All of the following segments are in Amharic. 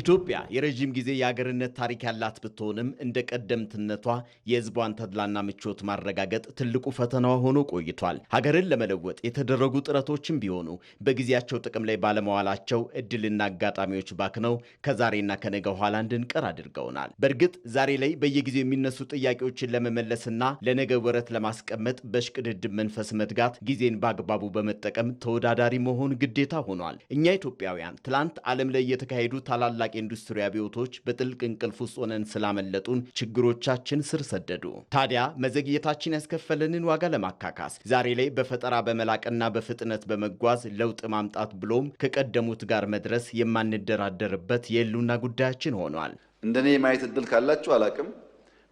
ኢትዮጵያ የረዥም ጊዜ የአገርነት ታሪክ ያላት ብትሆንም እንደ ቀደምትነቷ የሕዝቧን ተድላና ምቾት ማረጋገጥ ትልቁ ፈተናዋ ሆኖ ቆይቷል። ሀገርን ለመለወጥ የተደረጉ ጥረቶችም ቢሆኑ በጊዜያቸው ጥቅም ላይ ባለመዋላቸው እድልና አጋጣሚዎች ባክነው ከዛሬና ከነገ ኋላ እንድንቀር አድርገውናል። በእርግጥ ዛሬ ላይ በየጊዜው የሚነሱ ጥያቄዎችን ለመመለስና ለነገ ወረት ለማስቀመጥ በሽቅድድም መንፈስ መትጋት፣ ጊዜን በአግባቡ በመጠቀም ተወዳዳሪ መሆን ግዴታ ሆኗል። እኛ ኢትዮጵያውያን ትላንት ዓለም ላይ የተካሄዱ ታላ ታላላቅ ኢንዱስትሪ አብዮቶች በጥልቅ እንቅልፍ ውስጥ ሆነን ስላመለጡን ችግሮቻችን ስር ሰደዱ። ታዲያ መዘግየታችን ያስከፈለንን ዋጋ ለማካካስ ዛሬ ላይ በፈጠራ በመላቅና በፍጥነት በመጓዝ ለውጥ ማምጣት ብሎም ከቀደሙት ጋር መድረስ የማንደራደርበት የህልውና ጉዳያችን ሆኗል። እንደኔ የማየት እድል ካላችሁ አላቅም፣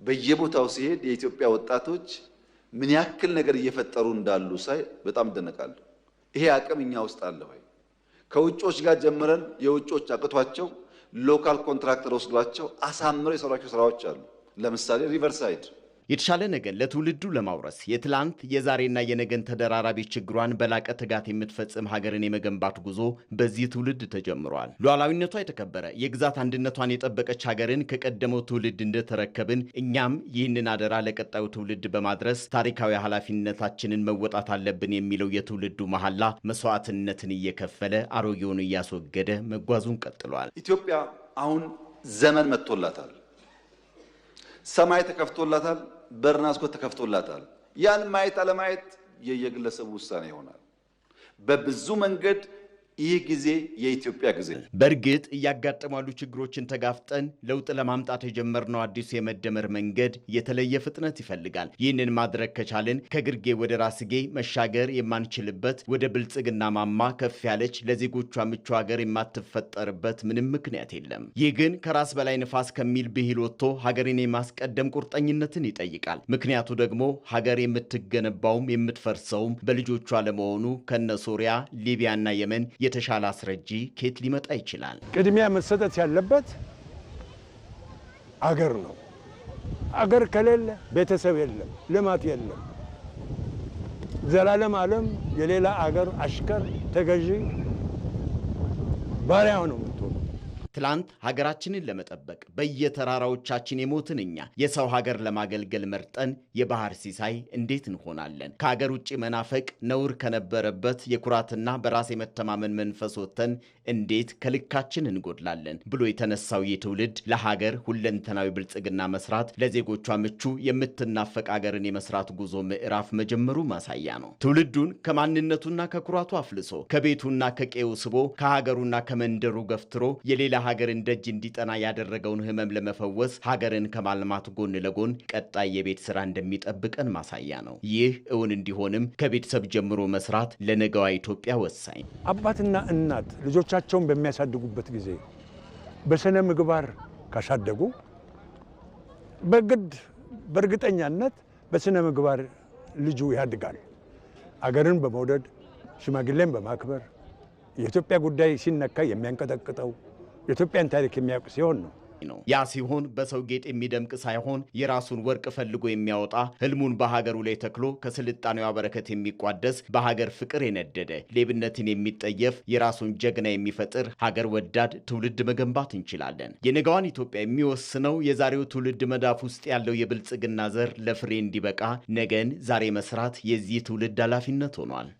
በየቦታው ሲሄድ የኢትዮጵያ ወጣቶች ምን ያክል ነገር እየፈጠሩ እንዳሉ ሳይ በጣም እደነቃለሁ። ይሄ አቅም እኛ ውስጥ አለ ወይ? ከውጮች ጋር ጀምረን የውጮች አቅቷቸው ሎካል ኮንትራክተር ወስዷቸው አሳምረው የሰሯቸው ስራዎች አሉ። ለምሳሌ ሪቨርሳይድ የተሻለ ነገን ለትውልዱ ለማውረስ የትላንት የዛሬና የነገን ተደራራቢ ችግሯን በላቀ ትጋት የምትፈጽም ሀገርን የመገንባት ጉዞ በዚህ ትውልድ ተጀምሯል። ሉዓላዊነቷ የተከበረ የግዛት አንድነቷን የጠበቀች ሀገርን ከቀደመው ትውልድ እንደተረከብን እኛም ይህንን አደራ ለቀጣዩ ትውልድ በማድረስ ታሪካዊ ኃላፊነታችንን መወጣት አለብን የሚለው የትውልዱ መሐላ መስዋዕትነትን እየከፈለ አሮጌውን እያስወገደ መጓዙን ቀጥሏል። ኢትዮጵያ አሁን ዘመን መጥቶላታል። ሰማይ ተከፍቶላታል። በርና ተከፍቶላታል። ያን ማየት አለማየት የየግለሰቡ ውሳኔ ይሆናል። በብዙ መንገድ ይህ ጊዜ የኢትዮጵያ ጊዜ። በእርግጥ እያጋጠሙ ያሉ ችግሮችን ተጋፍጠን ለውጥ ለማምጣት የጀመርነው አዲሱ የመደመር መንገድ የተለየ ፍጥነት ይፈልጋል። ይህንን ማድረግ ከቻልን ከግርጌ ወደ ራስጌ መሻገር የማንችልበት ወደ ብልጽግና ማማ ከፍ ያለች ለዜጎቿ ምቹ ሀገር የማትፈጠርበት ምንም ምክንያት የለም። ይህ ግን ከራስ በላይ ንፋስ ከሚል ብሂል ወጥቶ ሀገሬን የማስቀደም ቁርጠኝነትን ይጠይቃል። ምክንያቱ ደግሞ ሀገር የምትገነባውም የምትፈርሰውም በልጆቿ ለመሆኑ ከነ ሶሪያ፣ ሊቢያና የመን የተሻለ አስረጂ ኬት ሊመጣ ይችላል? ቅድሚያ መሰጠት ያለበት አገር ነው። አገር ከሌለ ቤተሰብ የለም፣ ልማት የለም። ዘላለም ዓለም የሌላ አገር አሽከር ተገዢ ባሪያ ነው የምትሆነው። ትላንት ሀገራችንን ለመጠበቅ በየተራራዎቻችን የሞትን እኛ የሰው ሀገር ለማገልገል መርጠን የባህር ሲሳይ እንዴት እንሆናለን? ከሀገር ውጭ መናፈቅ ነውር ከነበረበት የኩራትና በራስ የመተማመን መንፈስ ወጥተን እንዴት ከልካችን እንጎድላለን ብሎ የተነሳው ይህ ትውልድ ለሀገር ሁለንተናዊ ብልጽግና መስራት፣ ለዜጎቿ ምቹ የምትናፈቅ ሀገርን የመስራት ጉዞ ምዕራፍ መጀመሩ ማሳያ ነው። ትውልዱን ከማንነቱና ከኩራቱ አፍልሶ ከቤቱና ከቄው ስቦ ከሀገሩና ከመንደሩ ገፍትሮ የሌላ ሀገርን ደጅ እንዲጠና ያደረገውን ህመም ለመፈወስ ሀገርን ከማልማት ጎን ለጎን ቀጣይ የቤት ስራ እንደሚጠብቀን ማሳያ ነው። ይህ እውን እንዲሆንም ከቤተሰብ ጀምሮ መስራት ለነገዋ ኢትዮጵያ ወሳኝ። አባትና እናት ልጆቻቸውን በሚያሳድጉበት ጊዜ በስነ ምግባር ካሳደጉ በግድ በእርግጠኛነት በስነ ምግባር ልጁ ያድጋል። አገርን በመውደድ ሽማግሌን በማክበር የኢትዮጵያ ጉዳይ ሲነካ የሚያንቀጠቅጠው የኢትዮጵያን ታሪክ የሚያውቅ ሲሆን ነው ነው። ያ ሲሆን በሰው ጌጥ የሚደምቅ ሳይሆን የራሱን ወርቅ ፈልጎ የሚያወጣ ህልሙን በሀገሩ ላይ ተክሎ ከስልጣኔዋ በረከት የሚቋደስ በሀገር ፍቅር የነደደ ሌብነትን የሚጠየፍ የራሱን ጀግና የሚፈጥር ሀገር ወዳድ ትውልድ መገንባት እንችላለን። የነገዋን ኢትዮጵያ የሚወስነው የዛሬው ትውልድ መዳፍ ውስጥ ያለው የብልጽግና ዘር ለፍሬ እንዲበቃ ነገን ዛሬ መስራት የዚህ ትውልድ ኃላፊነት ሆኗል።